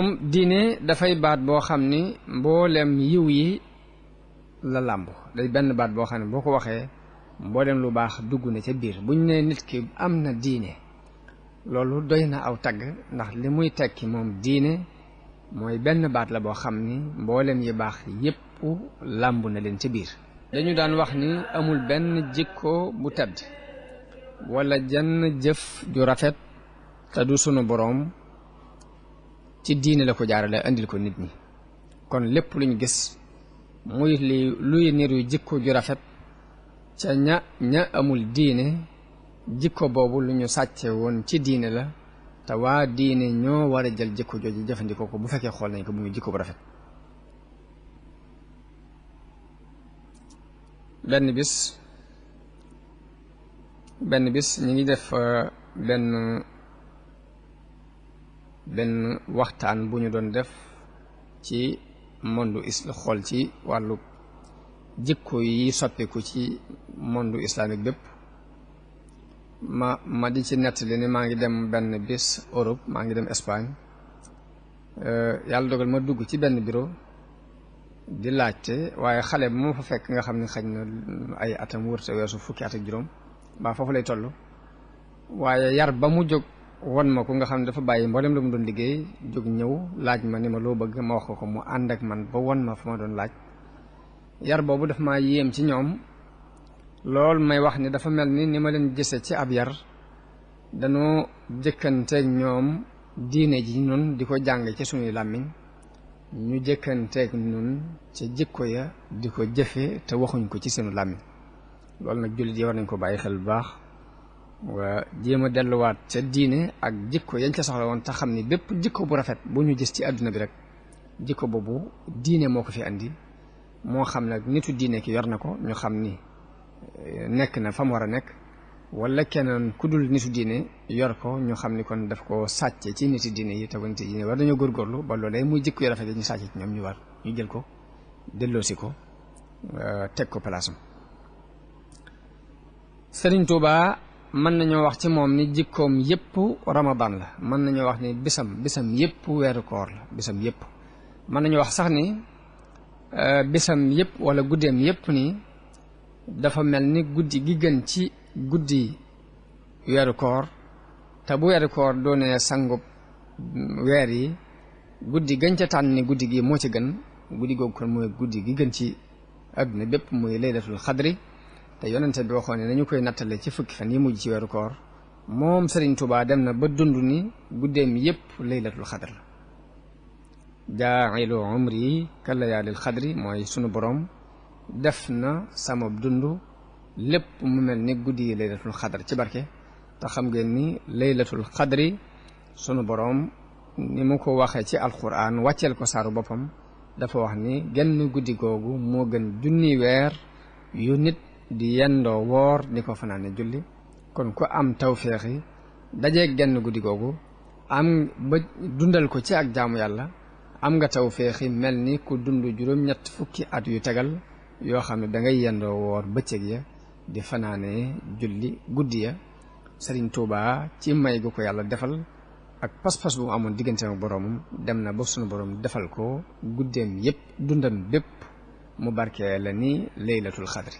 moom diine dafay baat boo xam ni mbooleem yiw yi la làmb day benn baat boo xam ne boo ko waxee mbooleem lu baax dugg na ca biir buñ ne nit ki am na diine loolu doy na aw tagg ndax li muy tekki moom diine mooy benn baat la boo xam ni mboolem yi baax yépp làmbu na leen ca biir dañu daan wax ni amul benn jikko bu tedd wala jenn jëf ju rafet te du sunu boroom ci diine la ko jaarale indil ko nit ñi kon lépp luñ gis muy li luy niru jikko ju rafet ca ña ña amul diine jikko boobu lu ñu sàcce woon ci diine la te waa diine ñoo war a jël jikko jooju jëfandikoo ko bu fekkee xool nañ ko muy jikko bu rafet benn bis benn bis ñu ngi def euh, benn benn waxtaan bu ñu doon def ci monde isla ci wàllu jikko yi soppiku ci monde islamique bépp ma ma di ci nettali ni maa ngi dem benn bis Europe maa ngi dem Espagne euh, yàlla dogal ma dugg ci benn biro di laajte waaye xale bu ma fa fekk nga xam ni xaj na ay atam wërte weesu fukki at ak juróom mbaa foofu lay toll waaye yar ba mu jóg won ma ko nga xam ne dafa bàyyi mboolem la mu doon liggéey jóg ñëw laaj ma ni ma loo bëgg ma wax ko ko mu ànd ak man ba won ma fa ma doon laaj yar boobu daf ma yéem ci ñoom loolu may wax ni dafa mel ni ni ma leen gise ci ab yar danoo jëkkanteeg ñoom diine ji nun di ko jàng ci suñuy làmmiñ ñu jëkkanteeg nun ca jikko ya di ko jëfe te waxuñ ko ci sunu làmmiñ loolu nag jullit yi war nañ ko bàyyi xel bu baax waa jéem a delluwaat ca diine ak jikko yañ ca soxla woon te xam ni bépp jikko bu rafet bu ñu gis ci àdduna bi rek jikko boobu diine moo ko fi indi moo xam nag nitu diine ki yor na ko ñu xam ni eh, nekk na fa mu war a nekk wala keneen ku dul nitu diine yor ko ñu xam ni kon daf ko sàccee ci nitu diine yi te ba nitu diine war dañoo góorgóorlu ba loolee muy jikko yu rafet yi ñu sàcce ci ñoom ñu war ñu jël ko delloosi ko eh, teg ko palaasam Sëriñ Tuubaa man nañu wax ci moom ni jikkoom yépp ramadan la man nañu wax ni bisam bisam yépp weeru koor la bisam yépp man nañu wax sax ni euh, bisam yépp wala guddeem yépp ni dafa mel ni guddi gi gën ci guddi weeru koor te bu weeru koor doone sangub weer yi guddi gën ca tànn ni guddi gi moo ci gën guddi googu kon mooy guddi gi gën ci bépp muy laylatul xadri te yonente bi waxoon ne nañu koy nattale ci fukki fan yi mujj ci weeru koor moom Serigne Touba dem na ba dund ni guddeem yépp laylatul xadr jaa'ilu umri ka layaalil xadri mooy sunu boroom def na sama dund lépp mu mel ni guddi yi laylatul xadar ci barke te xam ngeen ni laylatul xadri sunu borom ni mu ko waxee ci alquran wàcceel ko saaru boppam dafa wax ni genn guddi googu moo gën junni weer yu nit di yendoo woor ni ko fanaane julli kon ku am tawféex yi dajeeg genn guddi googu am ba dundal ko ci ak jaamu yàlla am nga tawféex yi mel ni ku dund juróom-ñett fukki at yu tegal yoo xam ne da ngay yendoo woor bëccëg ya di fanaane julli guddi ya Sëriñ Tuubaa ci may gu ko yàlla defal ak pas-pas bu mu amoon diggante ak boroomam dem na ba sunu boroom defal ko guddeem yépp dundam bépp mu barkee la ni laylatul xadri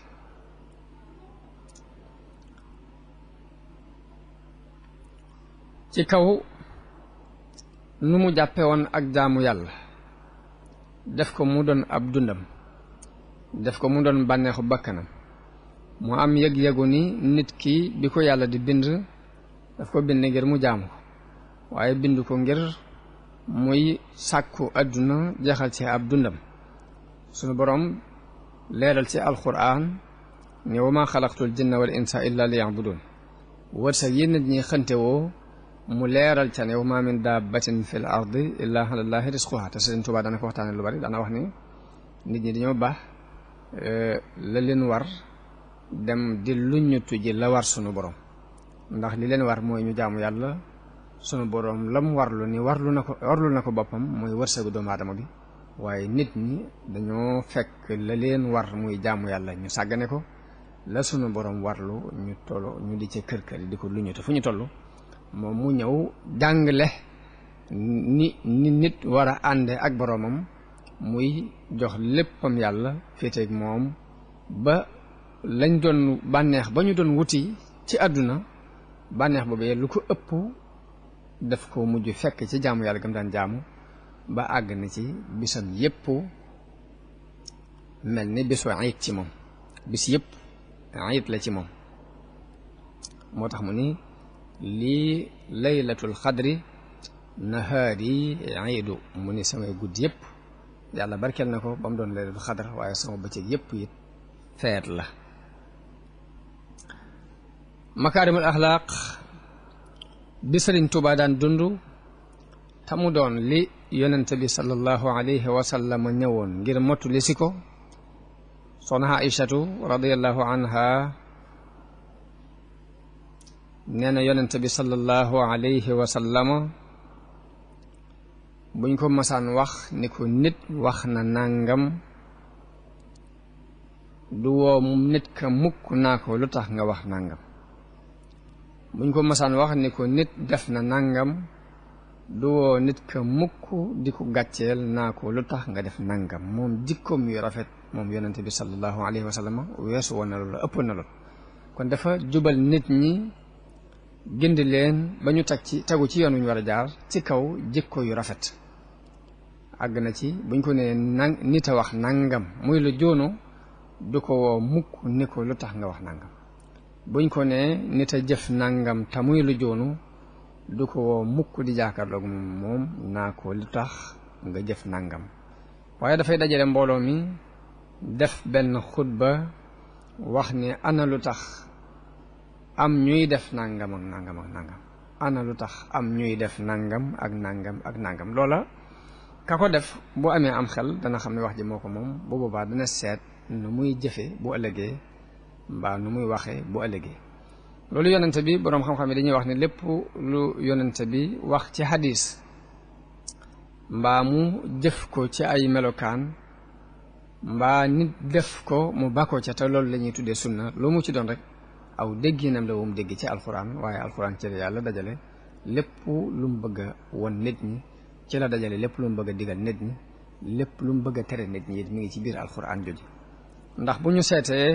ci kaw nu mu jàppe woon ak jaamu yàlla def ko mu doon ab dundam def ko mu doon bànneexu bakkanam mu am yëg-yëgu ni nit ki bi ko yàlla di bind daf ko bind ngir mu jaamu ko waaye bind ko ngir muy sàkku àdduna jeexal ci ab dundam sunu boroom leeral ci alxuraan ne wa ma xalaqtul jinna wal insa bu liya'budun wërsëg yi nit ñi xante mu leeral ca ne wa ma min dabbatin fil ardi illa ala llahi risquha te Sëriñ Tuubaa daana ko waxtaane lu bari daana wax ni nit ñi dañoo baax eh, la leen war dem di luññutu ji la war sunu borom ndax li leen war mooy ñu jaamu yàlla sunu borom lam warlu ni warlu na ko warlu na ko boppam mooy wërsëgu doomu aadama bi waaye nit ñi dañoo fekk la leen war muy jaamu yàlla ñu sàggane ko la sunu borom warlu ñu tolo ñu di ci kër kër di ko lu luññutu fu ñu toll moom mu ñëw jàngale ni ni nit war a ànde ak boroomam muy jox léppam yàlla féeteeg moom ba lañ doon bànneex ba ñu doon wuti ci àdduna bànneex boobee lu ko ëpp daf ko mujj fekk ci jaamu yàlla gam daan jaamu ba àgg na ci bisam yépp mel ni bisu ayit ci moom bis yépp ayit la ci moom moo tax mu ni lii laylatul xadri nahaari iidu mu ni samay guddi yëpp yàlla barkeel na ko ba mu doon laylatul xadr waaye sama bëccëg yëpp it feet la makaarimul axlaaq bi sëriñ Tuubaa daan dund te mu bi sallallahu alayhi wa sallam ñëwoon ngir mottu li si ko soxna Aïchatu radiyallahu anha nee na yonent bi sallallahu alayhi wa sallama buñ ko masaan wax ni ko nit wax na nangam du woo nit ka mukk naa ko lu tax nga wax nangam buñ ko masaan wax ni ko nit def na nangam du woo nit ka mukk di ko gàcceel naa ko lu tax nga def nangam moom jikkoom yu rafet moom yonent bi sallallahu alayhi wa sallam weesu woon na loolu na lool kon dafa jubal nit ñi gindi leen ba ñu teg ci tegu ci yoon wu ñu war a jaar ci kaw jikko yu rafet àgg na ci buñ ko nee nang nit a wax nangam muy la joono du ko woo mukk ni ko lu tax nga wax nangam buñ ko nee nit a jëf nangam te muy lu du ko woo mukk di jàkkaarloog moom naa ko lu tax nga jëf nangam waaye dafay dajale mbooloo mi def benn xutba wax ne ana lu tax am ñuy def nangam ak nangam ak nangam lu tax am ñuy def nangam ak nangam ak nangam loola ka ko def bu amee am xel dana xam ne wax ji moo ko moom bu boobaa dana seet nu muy jëfe bu ëllëgee mbaa nu muy waxee bu ëllëgee loolu yonente bi boroom xam-xam yi dañuy wax ne lépp lu yonente bi wax ci hadis mbaa mu jëf ko ci ay melokaan mbaa nit def ko mu bakkoo ca te loolu la ñuy tuddee sunna loo mu ci doon rek aw dégginam la wum dégg ci alxuraan waaye alxuraan ci la yàlla dajale lépp lu mu bëgg a won nit ñi ci la dajale lépp lu mu bëgg a digal nit ñi lépp lu mu bëgg a tere nit ñi it mi ngi ci biir alxuraan jooju ndax bu ñu seetee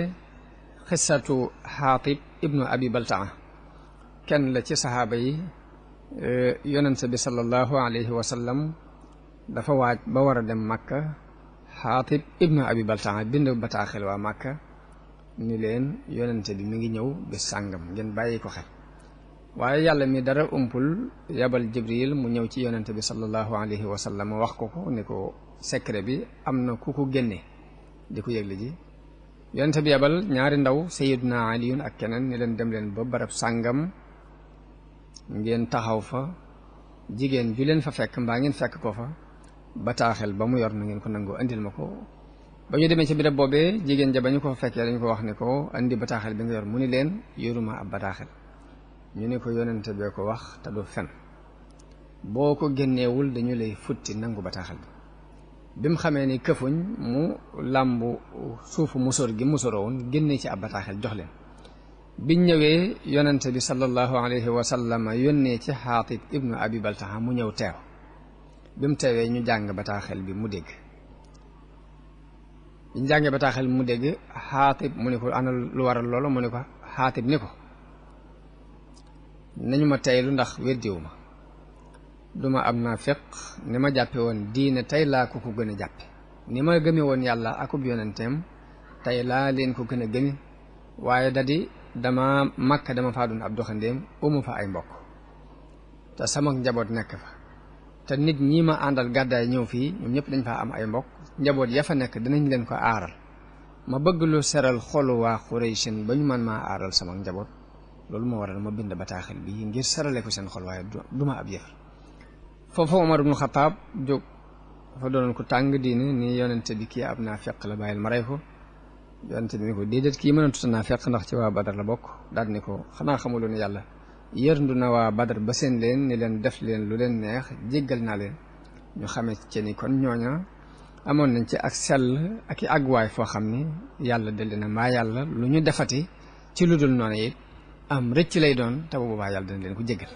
xissatu xaatib ibnu abi baltaa kenn la ci saxaaba yi e, yonente bi sallallahu alayhi wa dafa waaj ba war a dem makka xaatib ibnu abi baltaa bind bataaxel waa makka ni leen yonente bi mu ngi ñëw bés sàngam ngeen bàyyi ko xel waaye yàlla mi dara umpul yabal jibril mu ñëw ci yonente bi sallallahu alayhi wa sallam wax ko ko ni ko secret bi am na ku ko genne di ko yëgle ji yonente bi yabal ñaari ndaw sayiduna aliyun ak keneen ni leen dem leen ba barab sàngam ngeen taxaw fa jigéen ju leen fa fekk mbaa ngeen fekk ko fa bataaxel ba mu yor na ngeen ko nangoo indil ma ko ba ñu demee ci béréb boobee jigéen ja ba ñu ko fekkee dañu ko wax ne ko andi bataaxel bi nga yor mu ni leen yoruma ab bataaxel ñu ne ko yonente bee ko wax te du fen boo ko génneewul dañu lay futti nangu bataaxel bi bi mu xamee ni këfuñ mu làmb suufu musóor gi musóoroo woon génne ci ab bataaxel jox leen biñ ñëwee yonente bi sallallahu alayhi wa sallam yónnee ci xaatib ibnu abi baltaha mu ñëw teew bi mu teewee ñu jàng bataaxel bi mu dégg ba jàngee bataaxel mu dégg xaatib mu ni ko ana lu waral loolu mu ni ko xaatib ni ko nañu ma teylu ndax weddiwu ma duma am naa ni ma jàppe woon diine tey laa ko ko gën a jàppe ni ma gëme woon yàlla akub yonenteem tey laa leen ko gën a gëme waaye dadi dama makka dama faa doon ab doxandéem umu fa ay mbokk te sama njaboot nekk fa te nit ñi ma àndal gàddaay ñëw fii ñoom ñëpp dañ faa am ay mbok njaboot ya fa nekk dinañ leen ko aaral ma bëgg loo seral xolu waa Xuraysin ba ñu man maa aaral sama njaboot loolu moo waral ma bind bataaxel bi ngir sarale ko seen xol waaye du ma ab yëf foofu ma ibnu Xataab jóg dafa doonoon ko tàng diine ni yonente bi kii ab naa feq la bàyyil ma rey ko yonente bi ni ko déedéet kii mënatut naa feq ndax ci waa Badar la bokk daal ne ko xanaa xamuloon yàlla yërndu na waa badar ba seen leen ni leen def leen lu leen neex jéggal naa leen ñu xamee ci ni kon ñooña amoon nañ ci ak sell ak i àgguwaay foo xam ni yàlla delli na maa yàlla lu ñu defati ci lu dul noonu it am rëcc lay doon te bu boobaa yàlla dina leen ko jéggal